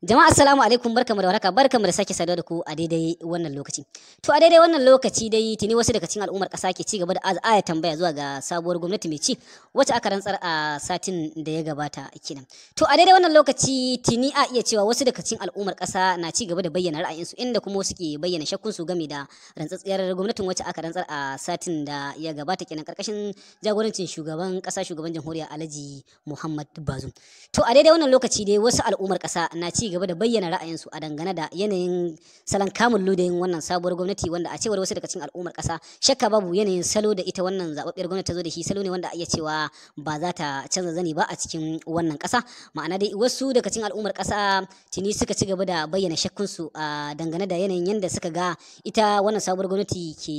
Jama'a assalamu alaikum barkamu da waraka barkamu da sake saduwa da ku a daidai wannan lokaci. To a daidai wannan lokaci dai tuni wasu daga cikin al'ummar ƙasa ke ci gaba da aya tambaya zuwa ga sabuwar gwamnati mai ci wacce aka rantsar a satin da ya gabata kenan. To a daidai wannan lokaci tuni a iya cewa wasu daga cikin al'ummar ƙasa na ci gaba da bayyana ra'ayinsu inda kuma suke bayyana shakkun su game da rantsatsiyar gwamnatin wacce aka rantsar a satin da ya gabata kenan karkashin jagorancin shugaban ƙasa shugaban jamhuriya Alhaji Muhammad bazum To a daidai wannan lokaci dai wasu al'ummar ƙasa na ci gaba da bayyana ra'ayinsu a dangane da yanayin salon kamun ludayin wannan sabuwar gwamnati wanda a cewar wasu daga cikin al'ummar ƙasa shakka babu yanayin salo da ita wannan zababbiyar gwamnati ta zo da shi salo ne wanda a iya cewa ba za ta canza zani ba a cikin wannan ƙasa ma'ana dai wasu daga cikin al'ummar ƙasa tuni suka ci gaba da bayyana shakkunsu a dangane da yanayin yanda suka ga ita wannan sabuwar gwamnati ke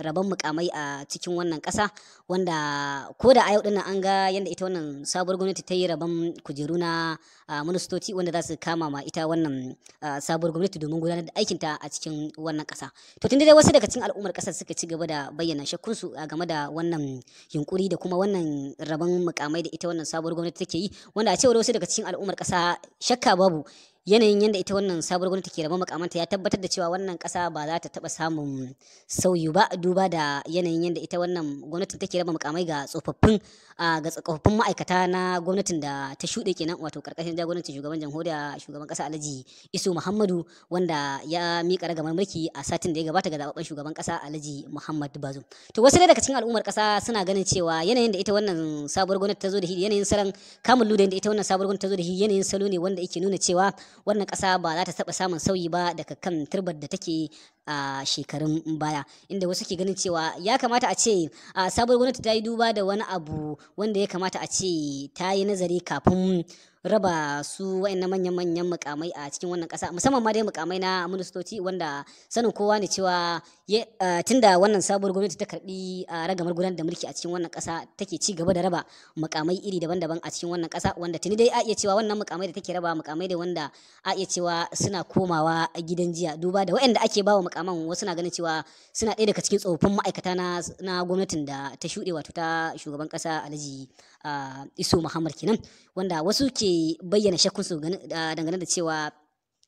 rabon mukamai a cikin wannan ƙasa wanda ko da a yau dinnan an ga yanda ita wannan sabuwar gwamnati ta yi rabon kujeru na ministoci wanda za su kama ma ita wannan sabuwar gwamnati domin gudanar da aikinta a cikin wannan ƙasa to tun dai wasu daga cikin al'ummar ƙasar suka ci gaba da bayyana shakkunsu game da wannan yunkuri da kuma wannan rabon mukamai da ita wannan sabuwar gwamnati take yi wanda a cewar wasu daga cikin al'ummar ƙasa shakka babu yanayin yadda ita wannan sabuwar gwamnati ke rabon makamanta ya tabbatar da cewa wannan kasa ba za ta taba samun sauyi ba duba da yanayin yadda ita wannan gwamnatin take raba makamai ga tsofaffin ga tsofaffin ma'aikata na gwamnatin da ta shuɗe kenan wato karkashin jagorancin shugaban jamhuriya shugaban kasa Alhaji Isu Muhammadu wanda ya mika ragamar mulki a satin da ya gabata ga zababban shugaban kasa Alhaji Muhammad Bazoum to wasu daga cikin al'ummar kasa suna ganin cewa yanayin da ita wannan sabuwar gwamnati ta zo da shi yanayin saran kamun da ita wannan sabuwar gwamnati ta zo da shi yanayin salo ne wanda yake nuna cewa wannan ƙasa ba za ta taɓa samun sauyi ba daga kan turbar da take a shekarun baya inda wasu ke ganin cewa ya kamata a ce sabuwar gwamnati ta yi duba da wani abu wanda ya kamata a ce ta yi nazari kafin raba su wayannan manyan-manyan mukamai a cikin wannan ƙasa musamman ma dai mukamai na ministoci wanda sanin kowa ne cewa tun da wannan sabuwar gwamnati ta karbi a ragamar gudanar da mulki a cikin wannan ƙasa take ci gaba da raba mukamai iri daban-daban a cikin wannan ƙasa wanda tuni dai a iya cewa wannan mukamai da take raba mukamai da wanda a iya cewa suna komawa gidan jiya duba da wayanda ake bawa mukaman wasu na ganin cewa suna ɗaya daga cikin tsofaffin ma'aikata na gwamnatin da ta shuɗe wato ta shugaban ƙasa Alhaji Isu Muhammad kenan wanda wasu ke suke bayyana shakkunsu dangane da cewa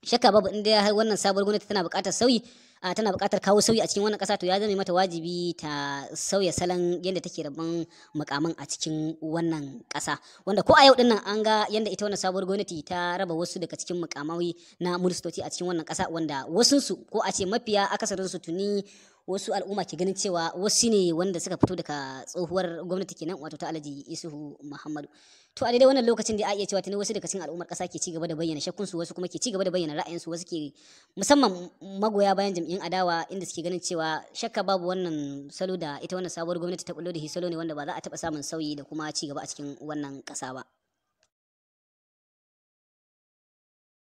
shakka babu inda har wannan sabuwar gwamnati tana buƙatar sauyi tana buƙatar kawo sauyi a cikin wannan ƙasa to ya zame mata wajibi ta sauya salon yadda take rabon mukaman a cikin wannan ƙasa wanda ko a yau dinnan nan an ga yadda ita wannan sabuwar gwamnati ta raba wasu daga cikin mukamai na ministoci a cikin wannan ƙasa wanda wasunsu ko a ce mafiya akasarin su tuni wasu al'umma ke ganin cewa wasu ne wanda suka fito daga tsohuwar gwamnati kenan wato ta Alhaji Isuhu Muhammadu to a daidai wannan lokacin da a iya cewa tuni wasu daga cikin al'ummar ƙasa ke cigaba da bayyana shakkunsu wasu kuma ke cigaba da bayyana ra'ayinsu wasu ke musamman magoya bayan jam'in adawa inda suke ganin cewa shakka babu wannan salo da ita wannan sabuwar gwamnati ta bullo da hisalo salo ne wanda ba za a taɓa samun sauyi da kuma cigaba a cikin wannan kasa ba.